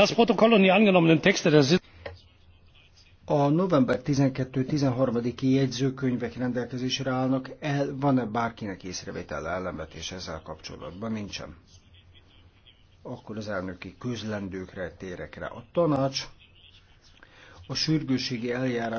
das protokoll und die angenommenen texte der sitzung a november 12-13-i jegyzőkönyvek rendelkezésre állnak, el, van-e bárkinek észrevétel ellenvetés ezzel kapcsolatban? Nincsen. Akkor az elnöki közlendőkre, térekre. A tanács a sürgőségi eljárás